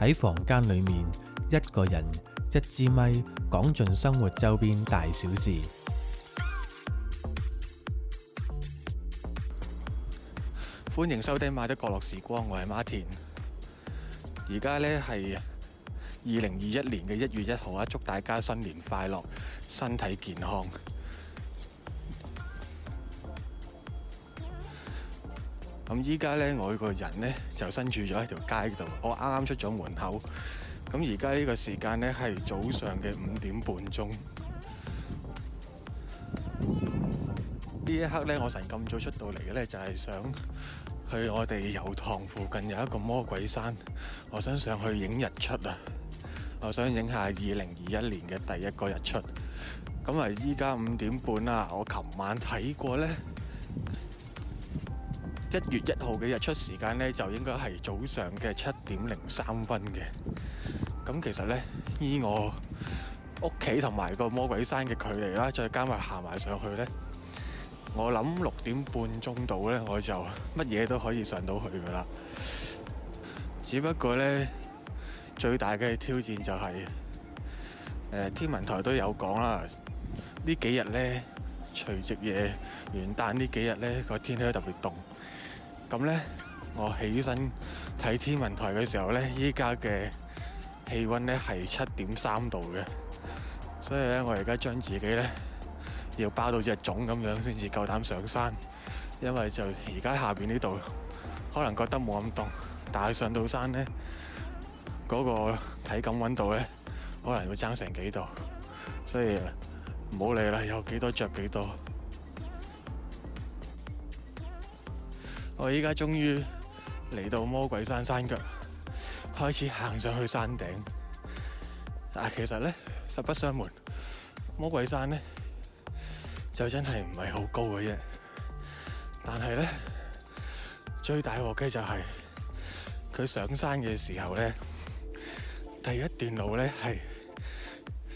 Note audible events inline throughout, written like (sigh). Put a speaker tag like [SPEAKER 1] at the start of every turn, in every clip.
[SPEAKER 1] 喺房間裏面，一個人一支咪，講盡生活周邊大小事。歡迎收聽《買得角落時光》我是，我係馬田。而家呢係二零二一年嘅一月一號啊！祝大家新年快樂，身體健康。咁依家咧，我個人咧就身處咗喺條街度。我啱啱出咗門口，咁而家呢個時間咧係早上嘅五點半鐘。呢一刻咧，我晨咁早出到嚟嘅咧，就係想去我哋油塘附近有一個魔鬼山，我想上去影日出啊！我想影下二零二一年嘅第一個日出。咁啊，依家五點半啦，我琴晚睇過咧。一月一號嘅日出時間呢，就應該係早上嘅七點零三分嘅。咁其實呢，依我屋企同埋個魔鬼山嘅距離啦，再加埋行埋上去呢，我諗六點半鐘到呢，我就乜嘢都可以上到去噶啦。只不過呢，最大嘅挑戰就係誒天文台都有講啦，呢幾日呢。除夕夜、元旦呢幾日呢，個天氣都特別凍。咁呢，我起身睇天文台嘅時候呢，依家嘅氣温呢係七點三度嘅。所以呢，我而家將自己呢要包到隻粽咁樣先至夠膽上山，因為就而家下邊呢度可能覺得冇咁凍，但係上到山呢，嗰個體感温度呢，可能會爭成幾度，所以。唔好理啦，有幾多著幾多。我依家終於嚟到魔鬼山山腳，開始行上去山頂。但係其實咧，實不相瞞，魔鬼山咧就真係唔係好高嘅啫。但係咧，最大鑊機就係佢上山嘅時候咧，第一段路咧係。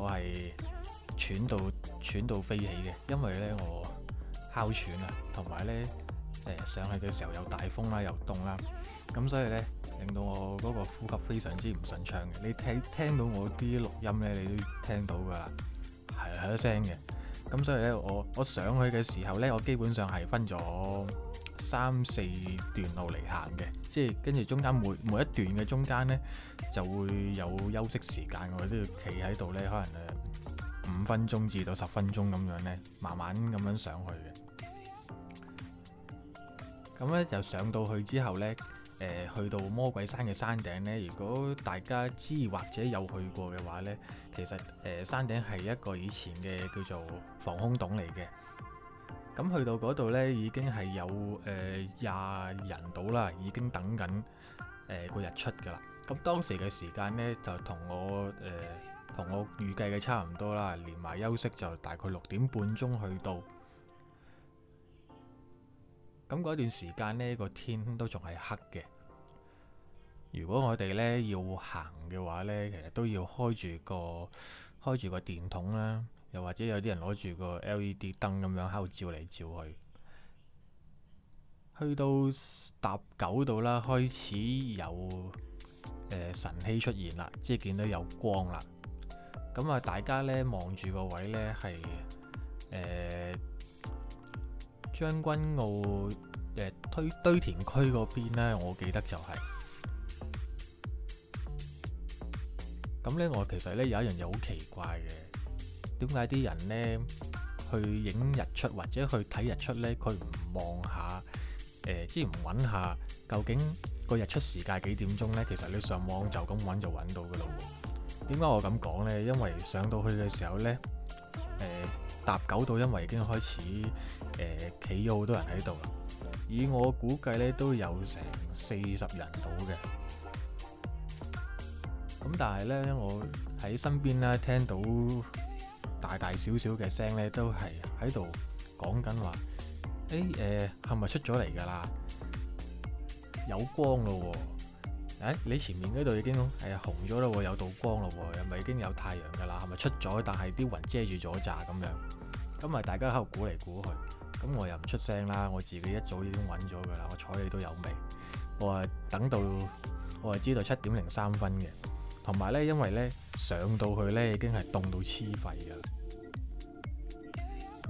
[SPEAKER 1] 我係喘到喘到飛起嘅，因為咧我哮喘啊，同埋咧誒上去嘅時候又大風啦，又凍啦，咁所以咧令到我嗰個呼吸非常之唔順暢嘅。你聽聽到我啲錄音咧，你都聽到噶啦，係一聲嘅。咁所以咧，我我上去嘅時候咧，我基本上係分咗，三四段路嚟行嘅，即係跟住中間每每一段嘅中間呢就會有休息時間，我哋都要企喺度呢，可能誒五分鐘至到十分鐘咁樣呢，慢慢咁樣上去嘅。咁呢，就上到去之後呢，誒、呃，去到魔鬼山嘅山頂呢，如果大家知或者有去過嘅話呢，其實誒、呃、山頂係一個以前嘅叫做防空洞嚟嘅。咁去到嗰度呢，已經係有誒廿、呃、人到啦，已經等緊誒個日出噶啦。咁當時嘅時間呢，就同我誒同、呃、我預計嘅差唔多啦。連埋休息就大概六點半鐘去到。咁嗰段時間呢，個天都仲係黑嘅。如果我哋呢要行嘅話呢，其實都要開住個開住個電筒啦。又或者有啲人攞住個 LED 燈咁樣喺度照嚟照去，去到搭九度啦，開始有、呃、晨曦出現啦，即係見到有光啦。咁啊，大家咧望住個位咧係誒將軍澳誒、呃、堆堆填區嗰邊咧，我記得就係咁咧。我其實咧有一樣嘢好奇怪嘅。點解啲人呢，去影日出或者去睇日出呢？佢唔望下，誒、呃，之前唔搵下究竟個日出時間幾點鐘呢？其實你上網就咁揾，就揾到噶啦。點解我咁講呢？因為上到去嘅時候呢，搭、呃、九度，因為已經開始，企咗好多人喺度。以我估計呢，都有成四十人到嘅。咁但係呢，我喺身邊呢聽到。大大小小嘅聲咧，都係喺度講緊話誒，誒，係咪出咗嚟噶啦？有光咯喎，誒、哎、你前面嗰度已經係紅咗啦，有道光咯喎，係咪已經有太陽噶啦？係咪出咗，但係啲雲遮住咗，咋咁樣咁咪？大家喺度估嚟估去，咁、嗯、我又唔出聲啦。我自己一早已經揾咗噶啦，我睬你都有味。我係等到我係知道七點零三分嘅，同埋咧，因為咧上到去咧已經係凍到黐肺噶啦。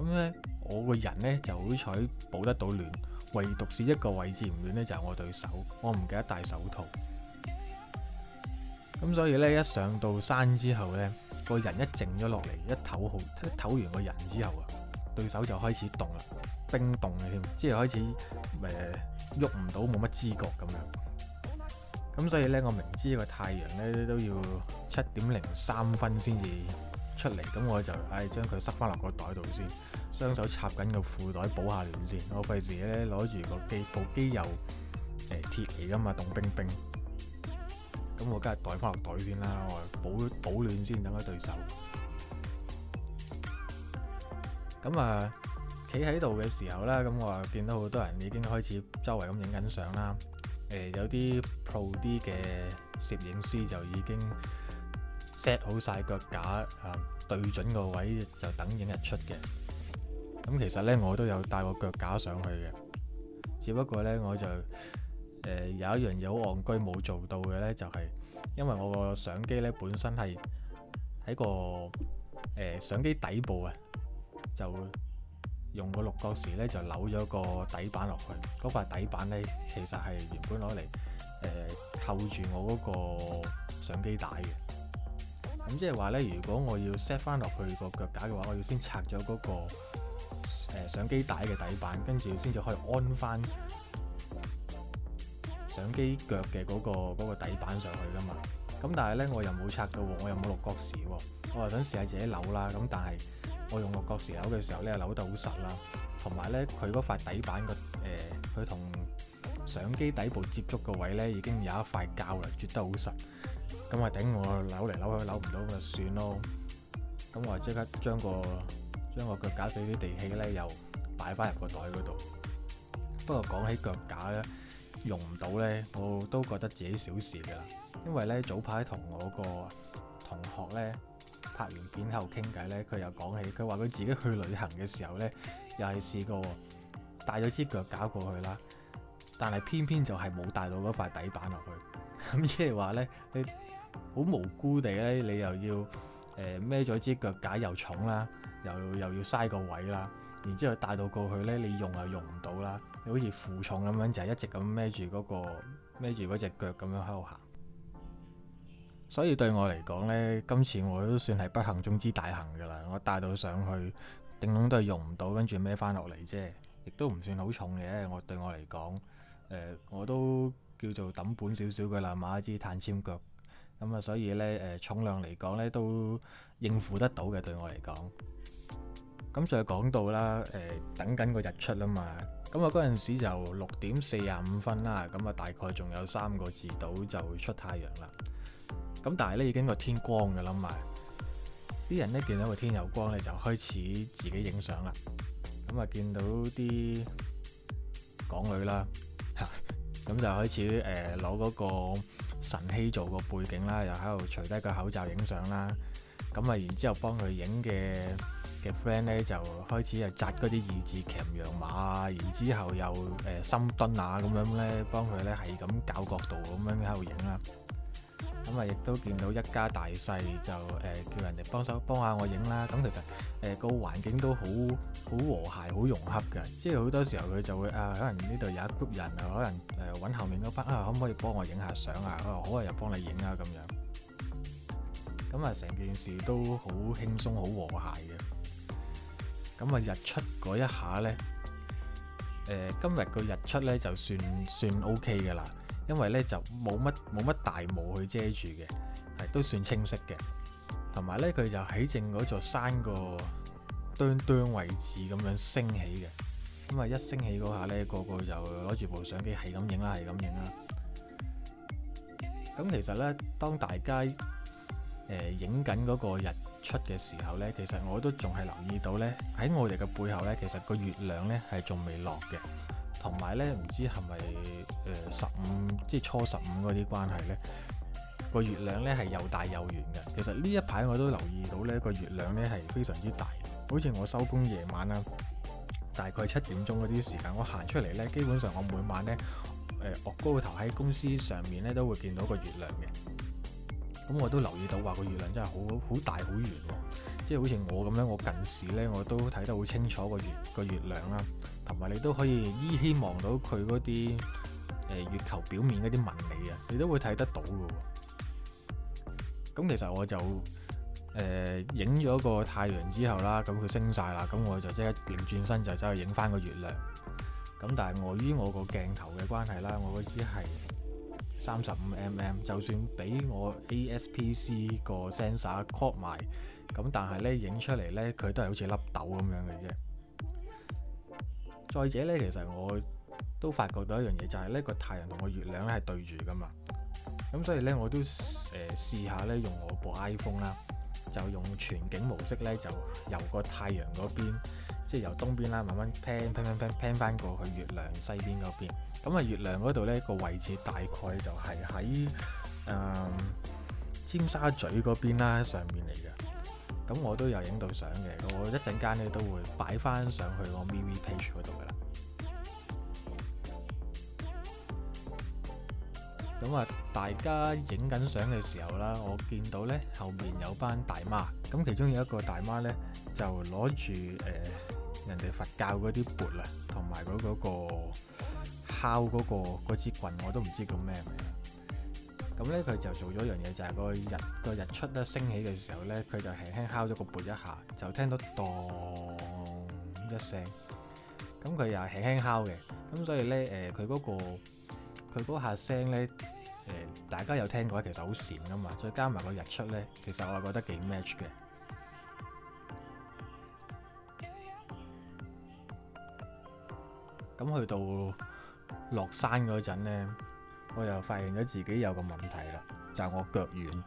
[SPEAKER 1] 咁咧，我個人咧就好彩保得到暖，唯獨是一個位置唔暖咧，就係、是、我對手，我唔記得戴手套。咁所以咧，一上到山之後咧，個人一靜咗落嚟，一唞好一唞完個人之後啊，對手就開始凍啦，冰凍嘅添，即係開始誒喐唔到，冇、呃、乜知覺咁樣。咁所以咧，我明知個太陽咧都要七點零三分先至。出嚟，咁我就誒將佢塞翻落個袋度先，雙手插緊個褲袋保下暖先，我費事咧，攞住個機部機，又誒鐵嚟㗎嘛，凍冰冰，咁我梗係袋翻落袋先啦，我保保暖先等下對手。咁啊，企喺度嘅時候咧，咁我見到好多人已經開始周圍咁影緊相啦，誒、呃、有啲 pro 啲嘅攝影師就已經。set 好晒腳架，誒對準個位就等影日出嘅。咁其實咧，我都有帶個腳架上去嘅，只不過咧，我就誒、呃、有一樣嘢好戇居冇做到嘅咧，就係、是、因為我個相機咧本身係喺個誒、呃、相機底部啊，就用個六角匙咧就扭咗個底板落去。嗰塊底板咧其實係原本攞嚟誒扣住我嗰個相機帶嘅。咁即係話咧，如果我要 set 翻落去個腳架嘅話，我要先拆咗嗰、個、呃、相機帶嘅底板，跟住先至可以安翻相機腳嘅嗰、個嗰個底板上去噶嘛。咁但係咧，我又冇拆咗喎，我又冇六角匙喎。我係想試下自己扭啦。咁但係我用六角匙扭嘅時候咧，扭得好實啦。同埋咧，佢嗰塊底板嘅誒，佢、呃、同相機底部接觸嘅位咧，已經有一塊膠啦，絕得好實。咁我頂我扭嚟扭去扭唔到，咪算咯。咁我即刻將個將個腳架水啲地氣咧，又擺翻入個袋嗰度。不過講起腳架咧用唔到咧，我都覺得自己小事噶啦。因為咧早排同我個同學咧拍完片後傾偈咧，佢又講起，佢話佢自己去旅行嘅時候咧，又係試過帶咗支腳架過去啦，但係偏偏就係冇帶到嗰塊底板落去。咁即係話呢，你好無辜地呢，你又要孭咗支腳架又重啦，又又要嘥個位啦，然之後帶到過去呢，你用又用唔到啦，你好似負重咁樣，就係一直咁孭住嗰個孭住嗰隻腳咁樣喺度行。所以對我嚟講呢，今次我都算係不幸中之大幸噶啦，我帶到上去，頂籠都係用唔到，跟住孭翻落嚟啫，亦都唔算好重嘅。我對我嚟講、呃，我都。叫做抌本少少嘅啦，買一隻碳纖腳咁啊，所以咧誒、呃、重量嚟講咧都應付得到嘅，對我嚟講。咁就講到啦，誒、呃、等緊個日出啦嘛。咁啊嗰陣時就六點四十五分啦，咁啊大概仲有三個字到就會出太陽啦。咁但係咧已經個天光嘅啦嘛，啲人咧見到個天有光咧就開始自己影相啦。咁啊見到啲港女啦。 (laughs) 咁就開始誒攞嗰個神器做個背景啦，又喺度除低個口罩影相啦。咁啊，然之後幫佢影嘅嘅 friend 咧，就開始又扎嗰啲二字鉗羊馬啊，然之後又誒、呃、深蹲啊咁樣咧，幫佢咧係咁搞角度咁樣喺度影啦。咁啊，亦都見到一家大細就誒、呃，叫人哋幫手幫下我影啦。咁其實誒個、呃、環境都好好和諧、好融洽嘅。即係好多時候佢就會啊，可能呢度有一 group 人啊，可能誒揾、呃、後面嗰班啊，可唔可以幫我影下相啊？佢話好啊，又幫你影啊咁樣。咁啊，成件事都好輕鬆、好和諧嘅。咁啊，日出嗰一下呢，誒、呃、今日個日出呢，就算算 OK 嘅啦。因為咧就冇乜冇乜大霧去遮住嘅，係都算清晰嘅。同埋咧佢就喺正嗰座山個端端位置咁樣升起嘅。咁啊一升起嗰下咧，個個就攞住部相機係咁影啦，係咁影啦。咁其實咧，當大家誒影緊嗰個日出嘅時候咧，其實我都仲係留意到咧，喺我哋嘅背後咧，其實個月亮咧係仲未落嘅。同埋咧，唔知係咪？誒，十五即係初十五嗰啲關係呢，個月亮呢係又大又圓嘅。其實呢一排我都留意到呢個月亮呢係非常之大。好似我收工夜晚啊，大概七點鐘嗰啲時間，我行出嚟呢，基本上我每晚呢，誒、呃，我高頭喺公司上面呢都會見到個月亮嘅。咁我都留意到話個月亮真係好好大好圓，啊，即係好似我咁樣，我近視呢我都睇得好清楚個月個月亮啦，啊。同埋你都可以依稀望到佢嗰啲。誒，月球表面嗰啲紋理啊，你都會睇得到㗎喎。咁其實我就誒影咗個太陽之後啦，咁佢升晒啦，咁我就即刻轉身就走去影返個月亮。咁但係礙於我個鏡頭嘅關係啦，我嗰支係三十五 mm，就算俾我 ASPC 個 sensor cut 埋，咁但係咧影出嚟咧，佢都係好似粒豆咁樣嘅啫。再者咧，其實我。都發覺到一樣嘢，就係呢個太陽同個月亮咧係對住噶嘛，咁所以呢，我都誒試下呢，用我部 iPhone 啦，就用全景模式呢，就由個太陽嗰邊，即係由東邊啦，慢慢 pan pan 翻過去月亮西邊嗰邊，咁啊月亮嗰度呢個位置大概就係喺尖沙咀嗰邊啦上面嚟嘅。咁我都有影到相嘅，我一陣間呢，都會擺翻上去我 MEWE page 嗰度噶啦。咁啊，大家影緊相嘅時候啦，我見到咧後面有班大媽，咁其中有一個大媽咧就攞住誒人哋佛教嗰啲缽啊，同埋佢嗰個敲嗰個嗰支棍，我都唔知叫咩名。咁咧佢就做咗一樣嘢，就係、是、個日個日出咧升起嘅時候咧，佢就輕輕敲咗個缽一下，就聽到噹一聲。咁佢又輕輕敲嘅，咁所以咧誒佢嗰個。佢嗰下聲咧，誒，大家有聽過其實好閃噶嘛。再加埋個日出咧，其實我係覺得幾 match 嘅。咁去到落山嗰陣咧，我又發現咗自己有個問題啦，就係我腳軟。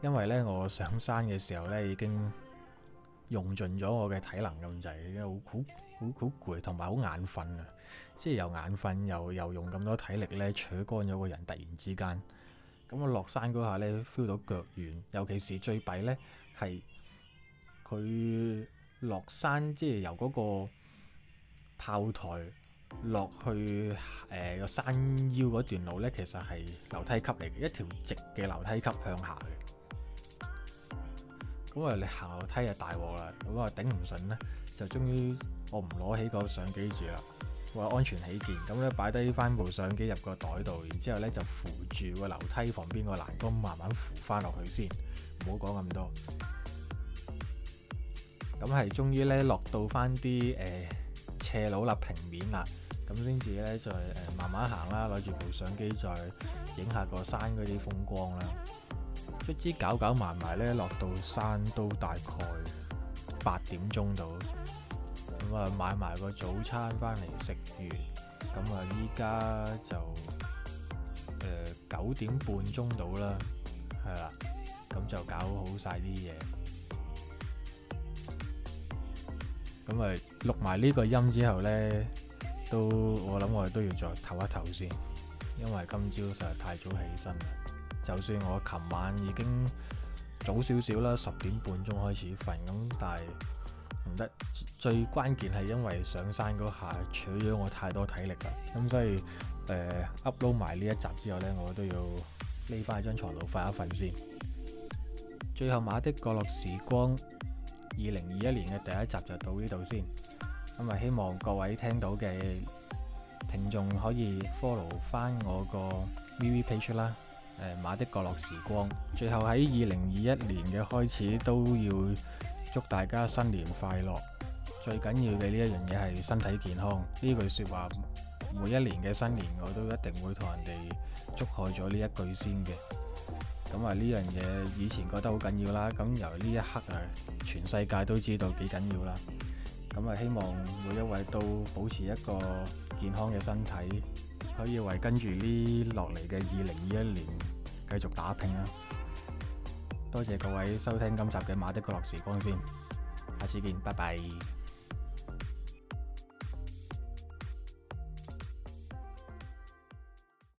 [SPEAKER 1] 因為咧，我上山嘅時候咧已經用盡咗我嘅體能咁滯，已經好酷。好攰，同埋好眼瞓啊！即係又眼瞓，又又用咁多體力咧，扯乾咗個人，突然之間，咁我落山嗰下咧，feel 到腳軟，尤其是最弊咧，係佢落山即係由嗰個炮台落去誒個、呃、山腰嗰段路咧，其實係樓梯級嚟嘅，一條直嘅樓梯級向下嘅。咁啊，你行樓梯就大鑊啦！咁啊，頂唔順咧，就終於～我唔攞起個相機住啦，為安全起見，咁咧擺低翻部相機入個袋度，然之後咧就扶住個樓梯旁邊個欄杆，慢慢扶翻落去先，唔好講咁多。咁係終於咧落到翻啲誒斜路啦，平面啦，咁先至咧再誒、呃、慢慢行啦，攞住部相機再影下個山嗰啲風光啦。卒之搞搞埋埋咧，落到山都大概八點鐘度。咁啊，買埋個早餐翻嚟食完，咁啊，依、呃、家就誒九點半鐘到啦，係啦，咁就搞好晒啲嘢，咁啊錄埋呢個音之後呢，都我諗我哋都要再唞一唞先，因為今朝實在太早起身，就算我琴晚已經早少少啦，十點半鐘開始瞓，咁但係唔得。最關鍵係因為上山嗰下，取咗我太多體力啦。咁所以誒 upload 埋呢一集之後呢，我都要匿翻喺張牀度瞓一瞓先。最後馬的角落時光二零二一年嘅第一集就到呢度先。咁啊，希望各位聽到嘅聽眾可以 follow 翻我個 MeWe page 啦。誒、呃、馬的角落時光最後喺二零二一年嘅開始都要祝大家新年快樂。最緊要嘅呢一樣嘢係身體健康，呢句説話每一年嘅新年我都一定會同人哋祝賀咗呢一句先嘅。咁啊呢樣嘢以前覺得好緊要啦，咁由呢一刻啊，全世界都知道幾緊要啦。咁啊希望每一位都保持一個健康嘅身體，可以為跟住呢落嚟嘅二零二一年繼續打拼啦。多謝各位收聽今集嘅馬的角落時光先，下次見，拜拜。